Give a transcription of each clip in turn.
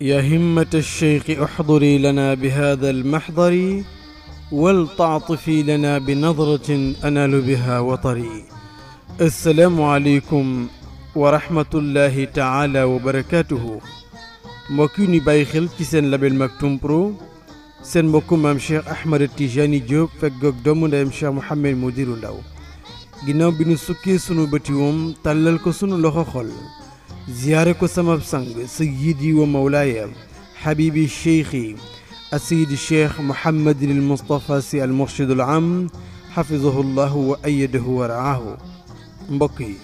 يا همة الشيخ احضري لنا بهذا المحضر ولتعطفي لنا بنظرة انال بها وطري. السلام عليكم ورحمة الله تعالى وبركاته. موكيني باي خلتي سن لابل مكتوم برو سن موكوم ام شيخ احمد التيجاني جوب فكوك دومون ام شيخ محمد مدير لو. جناو بنسكي سنو بتيوم تلالكو كسنو لوخو ziyaare ko sama sang sayyidi wa mawlaaya xabibi cheikhi asayid cheikh mohammadin al mustapha si al murshid al am xafidahu llahu wa ayadahu wa raahu mbokk yi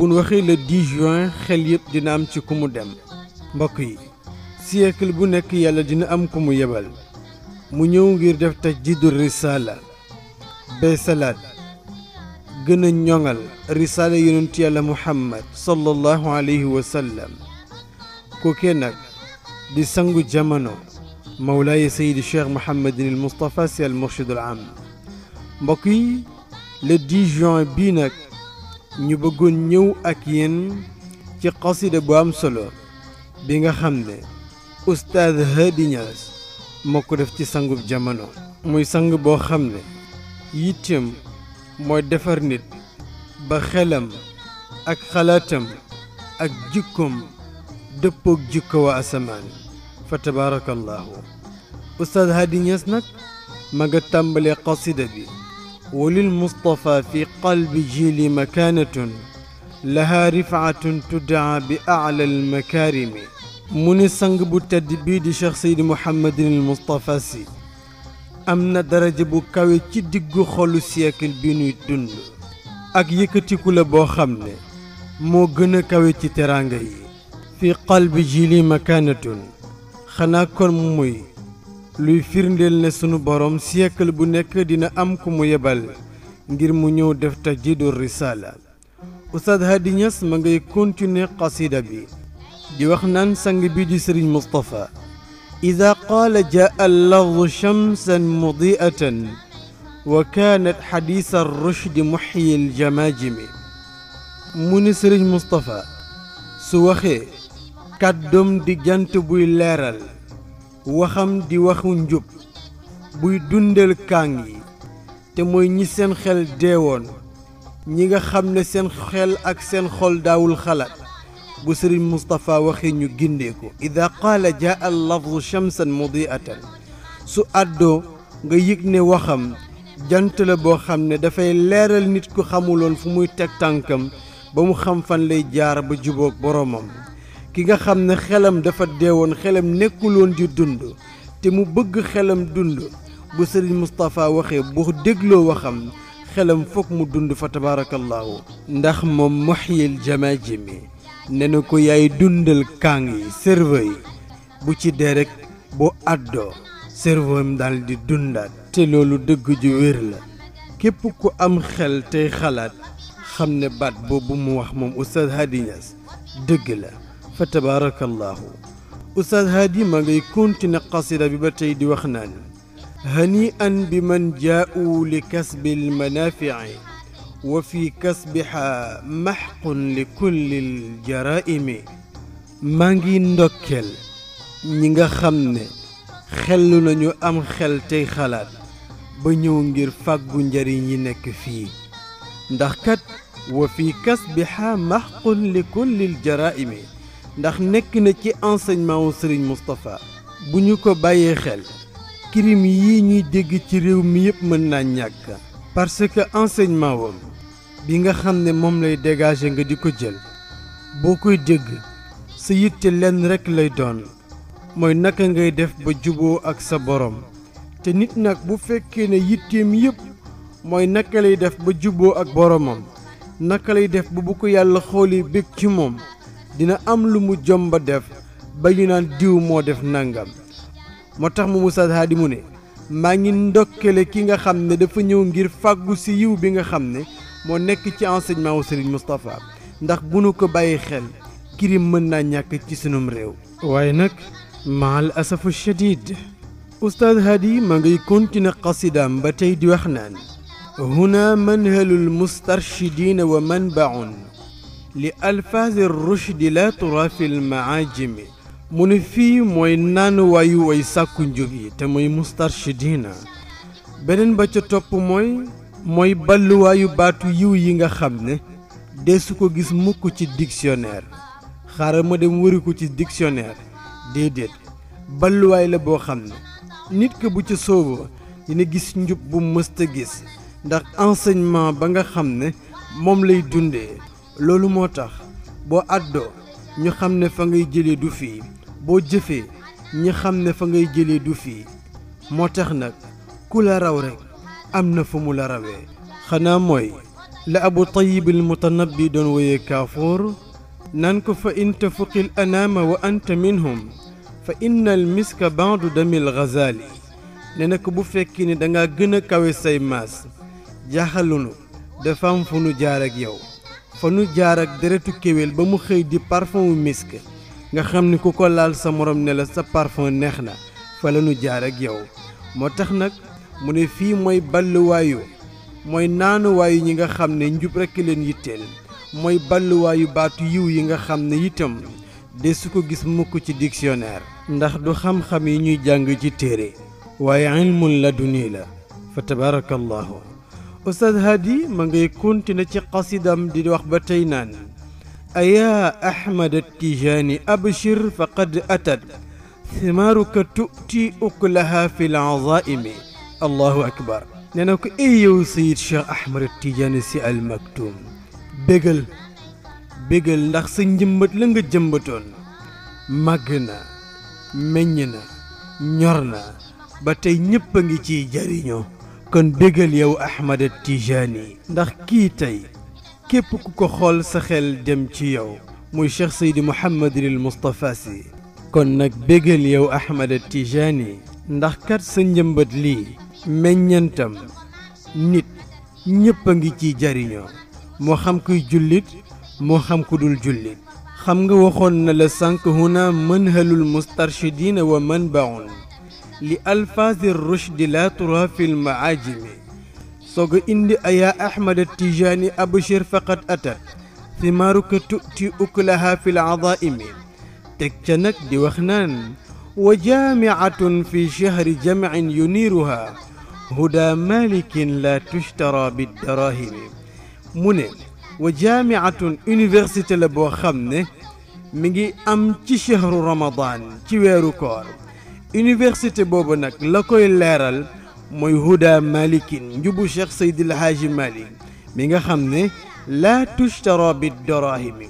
buñ waxee le 10 juin xel yëpp dinaam ci ku mu dem mbokk yi siècle bu nekk yàlla dina am ku mu yebal mu ñëw ngir def tajdiidul risaala beesalaat gën a ñoŋal risaala yonent yàlla muhammad sallallahu alayhi wa sallam kookee nag di sangu jamono mawlaaya sayidi cheikh mohammadin il moustapha si al murshidul am mbokk yi le 10 juin bii nag ñu bëggoon ñëw ak yéen ci xasida bu am solo bi nga xam ne oustaz Hady Niass moo ko def ci sangub jamono muy sang boo xam ne yitteem moy defar nit ba xelam ak xalaatam ak jikkoom dëppoog jikko wa asamaan fa tabarakallah ustad Hadi nyas nak maga tambale qasida bi walil Mustafa fi qalbi jili makaanatun lahaa rifaatun tuddaa bi acla almakaarimi mu ne sang bu tedd bii di Cheikh Seydi Mouhamadin am na daraja bu kawe ci diggu xolu siècle bi nuy dund ak yëkkatiku la boo xam ne moo gën a kawe ci teraanga yi fi qalbi jili makaanatun xanaa kon muy luy firndeel ne sunu borom siècle bu nekk dina am ku mu yebal ngir mu ñëw def tajdiidu risaala Oustaz Hady Niass ma ngay continuer xasida bi di wax naan sang bi di Sëriñ Mustapha إذا قال جاء اللفظ شمسا مضيئة وكانت حديث الرشد محيي الجماجم mu muni sëriñ Moustapha su waxee kàddoom di jant buy leeral waxam di waxu njub buy dundal kaang yi te mooy ñi seen xel deewoon ñi nga xam ne seen xel ak seen xol daawul xalaat bu sëriñ Moustapha waxee ñu gindeeku ida qaala jaa al lafzu shamsan mudiatan su àddoo nga yëg ne waxam jant la boo xam ne dafay leeral nit ku xamuloon fu muy teg tànkam ba mu xam fan lay jaar ba jubóog boroomam ki nga xam ne xelam dafa deewoon xelam nekkuloon di dund te mu bëgg xelam dund bu sëriñ Moustapha waxee bu dégloo waxam xelam foog mu dund fa tabaarakallaahu ndax moom muhyil jamaajimi ne na ko yaay dundal kàng yi cerveau bu ci dee rek boo àddoo cerveau am daal di dundaat te loolu dëgg ju wér la képp ku am xel tey xalaat xam ne baat boobu mu wax moom Oustaz Hady Niass dëgg la fa tabaarakallaahu Oustaz Hady ma ngay continuer qasida bi ba tey di wax naan hani an bi man jaau li kasbil manaafici وفي كسبها محق لكل الجرائم مانغي ندوكل نيغا خامن خلو نانيو ام خل تاي خالات با نيو غير فاغو نجاري ني نيك في ندخ وفي كسبها محق لكل الجرائم ندخ نيك نا سي انسيغمانو سيرن مصطفى بو نيو كو بايي خل كريم يي ني ديغ سي ريو مي يب من نا parce que enseignement wam bi nga xam ne moom lay dégager nga di ko jël boo koy dégg sa yitte lenn rekk lay doon mooy naka ngay def ba juboo ak sa borom te nit nag bu fekkee ne yitteem yépp mooy naka lay def ba juboo ak boromam naka lay def ba bu ko yàlla xooli bég ci moom dina am lu mu jomb def ba ñu naan diw moo def nangam moo tax mu Moussa Hadi mu ne maa ngi ndokkale ki nga xam ne dafa ñëw ngir fàggu si yiw bi nga xam ne moo nekk ci enseignement wu Serigne Moustapha ndax bu nu ko bàyyi xel kirim mën naa ñàkk ci sunum réew. waaye nag maal asafu shadid ustaad Hadi ma ngay continuer qasidaam ba tey di wax naan. هنا منهل المسترشدين ومنبع لألفاظ الرشد لا ترى في المعاجم mu ne fii mooy naanuwaayu way sàkku njub yi te mooy muy mustarshidina beneen ba ca topp mooy mooy balluwaayu baatu yiw yi nga xam ne deesu ko gis mukk ci dictionnaire xaaral ma dem wëri ko ci dictionnaire déedéet balluwaay la boo xam ne nit ki bu ca sóoboo dina gis njub bu mësta gis ndax enseignement ba nga xam ne moom lay dundee loolu moo tax boo àddoo ñu xam ne fa ngay jëlee du fii bo jëfee ñi xamné fa ngay jëlé du fi moo tax nag ku la raw rek amna fu mu la rawé xana moy la abu tayyib al mutanabbi don woyee kafur nan ko fa in tafuqi al anama wa anta minhum fa inna al misk bandu dam al ghazali ne na ko bu fekki ni da nga gëna kawe say mas jaxaluñu da fam fu nu jaar ak yow fa nu jaar ak deretu kéwél ba mu xëy di parfum misk nga xam ni ku ko laal sa morom ne la sa parfum neex na fa la nu jaar ak yow moo tax nag mu ne fii mooy balluwaayu mooy naanuwaayu ñi nga xam ne njub rek leen yitteel mooy balluwaayu baatu yiw yi nga xam ne itam de su ko gis mukk ci dictionnaire ndax du xam-xam yi ñuy jàng ci téere waaye ilmun la duni la fa tabaraka allahu ustaz hadi ma ngay continuer ci qasidam di wax ba tey naan أيا أحمد التيجاني أبشر فقد أتت ثمارك تؤتي أكلها في العظائم الله أكبر نانوك إيو سيد شيخ أحمد التيجاني سي المكتوم بيغل بéggal ndax sa njëmbat la nga jëmbatoon màgg na meññ na ñor na ba tey ñëpp a ngi ciy jariñoo kon béggal yow ahmad at tijani ndax kii tey képp ku ko xool sa xel dem ci yow muy Cheikh Seydi Mouhamadinil Moustapha Sy kon nag bégal yow Ahmada Tijaani ndax kat sa njëmbët lii meññantam nit ñépp a ngi ci jariñoo moo xam kuy jullit moo xam ku dul jullit xam nga waxoon na la sànq huna manhalul mustarshidina wa manbaun li alfaazi di la tura fi lmaajimi soog a indi ayaa ahmada tijaani abshir faqad atat thimaaruka tu'ti uklaha fi ladaa'imi teg ca nag di wax naan wa jaamicatun fi shahri jamcin yuniiruha huda malikin la tushtara bidarahimi mu ne wa jaamiatun université la boo xam ne mi ngi am ci shahru ramadan ci weeru koor université boobu nag la koy leeral moy huda malikin njubu cheikh seydil haaji malik mi nga xamne la laa tushtara bi dorahimi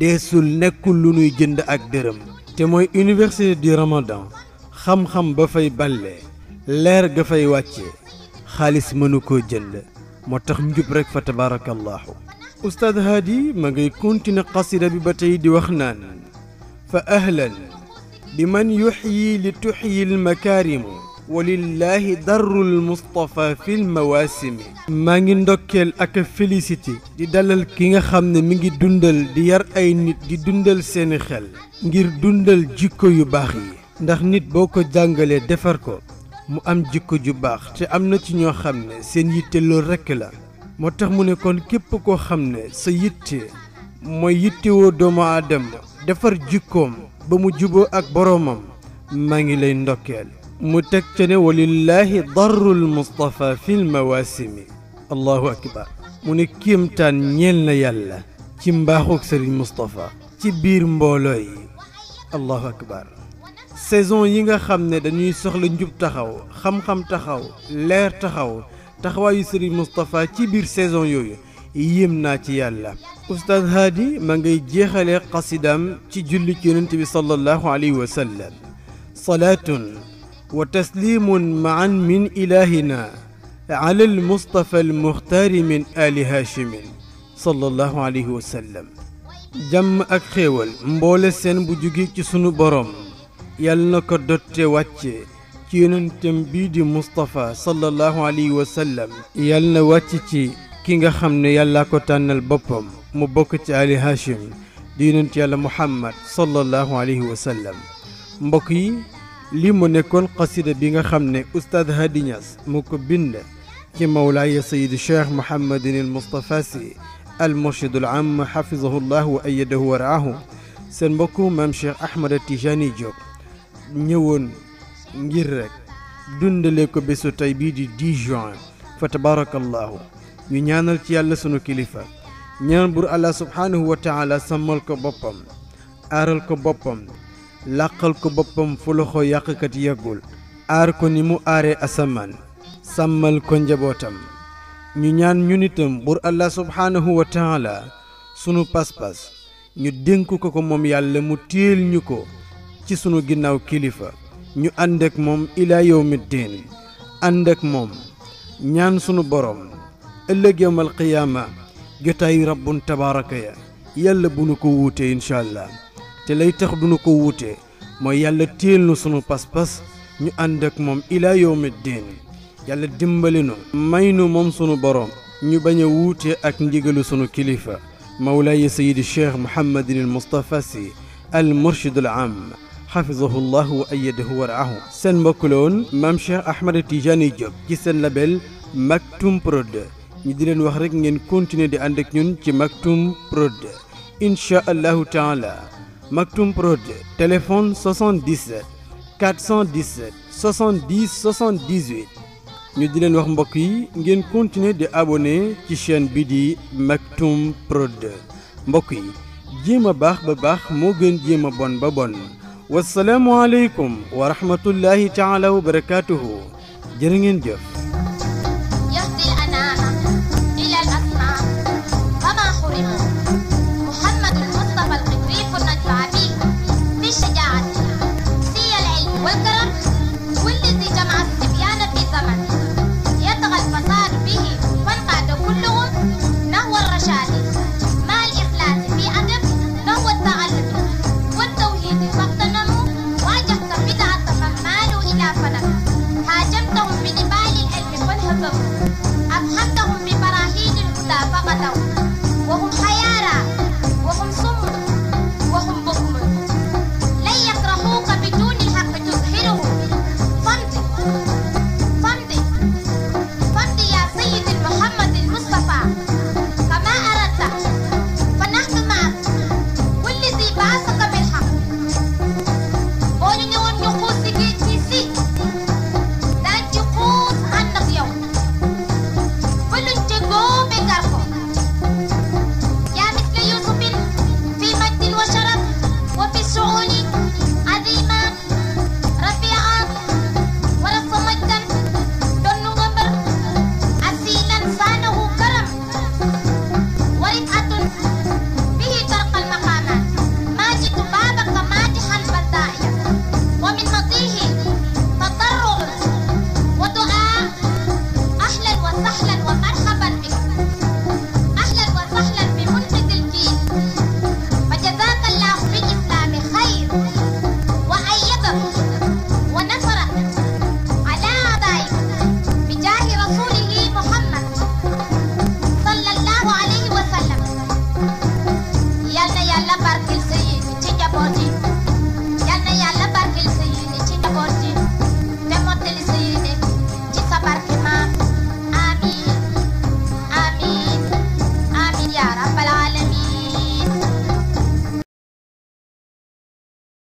deesul nekkul lu nuy jënd ak deureum te moy université du ramadan xam-xam ba fay balle leer ga fay wàcce khalis mënu koo jënd motax njub rek fa tabarakallahu ustaad haadi ma ngay kontine qasida bi ba tey di wax naan fa ahlan bi man yuxyi li walillahi darrul Moustapha fil maa ngi ndokkeel ak félicité di dalal ki nga xam ne mi ngi dundal di yar ay nit di dundal seeni xel ngir dundal jikko yu baax yi ndax nit boo ko jàngalee defar ko mu am jikko ju baax te am na ci ñoo xam ne seen yitte loolu rekk la moo tax mu ne kon képp koo xam ne sa yitte mooy yittewoo doomu aadama defar jikkoom ba mu juboo ak boroomam maa ngi lay ndokkeel متكتن ولله ضر المصطفى في المواسم الله أكبر منكيم تان يلنا يلا كم باخوك سري المصطفى كبير مبولوي الله أكبر سيزون ييغا خامنة دانيو سخل نجوب تخاو خم خم تخاو لير تخاو تخوا مصطفى المصطفى بير سيزون يوي يمنا تي يلا أستاذ هادي مانجي جيخالي قصدام تي جلي كيننتبي صلى الله عليه وسلم صلاة wa taslimun maan min ilahina ala almustafa almuxtaari min ali haashimin sallallahu alayhi wa sallam jàmm ak xéewal mboole seen bu jóge ci sunu borom yàlla na ko dotte wàcce ci yonentam bii di Moustapha sallallahu alayhi wa sallam na wàcc ci ki nga xam ne yàllaa ko tànnal boppam mu bokk ci ali hashim di yonent yàlla muhammad sallallahu alayhi wa sallam li mo nekkoon qasida bi nga xam ne oustaz Hady Niass mu ko bind ci mawlaaya sayid cheikh mohammadin al moustapha si al murshidul am xafizahu llah wa ayadahu wa raahu seen mbokku mam cheikh ahmada tijani diop ñëwoon ngir rek dundale ko bésu tey bii di 10 juin fa tabarakallahu ñu ñaanal ci yàlla sunu kilifa ñaan bur allah subhanahu wa taala sàmmal ko boppam aaral ko boppam làqal ko boppam fu loxo yàqkat yeggul aar ko ni mu aaree asamaan sàmmal ko njabootam ñu ñaan ñu nitam bur allah subhaanahu wa sunu pas-pas ñu dénk ko ko moom yàlla mu téel ñu ko ci sunu ginnaaw kilifa ñu ànd ak moom ilaa yawmi diin ànd ak moom ñaan sunu boroom ëllëg yawmal qiyaama jotaayu rabbun tabaaraka ya yàlla bu nu ko wuute incha allah te lay tax duñu ko wuute mooy yàlla téel nu sunu pas-pas ñu ànd ak moom ilaa yawmi diin yàlla dimbali nu may nu moom sunu boroom ñu bañ a wuute ak ndigalu sunu kilifa mawlaaya sayidi cheikh muhammadin al mustapha si al murshid al am xafizahu llah wa ayadahu wa raahu seen mbokk la woon maam cheikh ahmada tijani diop ci seen label maktum prod ñi di leen wax rek ngeen continuer di ànd ak ñun ci maktum prod inchaa allahu taala Maktoum Prod téléphone 77 417 70 78 ñu di leen wax mbokk yi ngeen continuer di abone ci chaîne bi di Maktoum Prod mbokk yi jéem a baax ba baax moo gën jéem a bon ba bon wasalaamualeykum wa rahmatullahi taala wa barakaatuhu jërë ngeen jëf فلك هاجمتهم بنبال الألف والهبب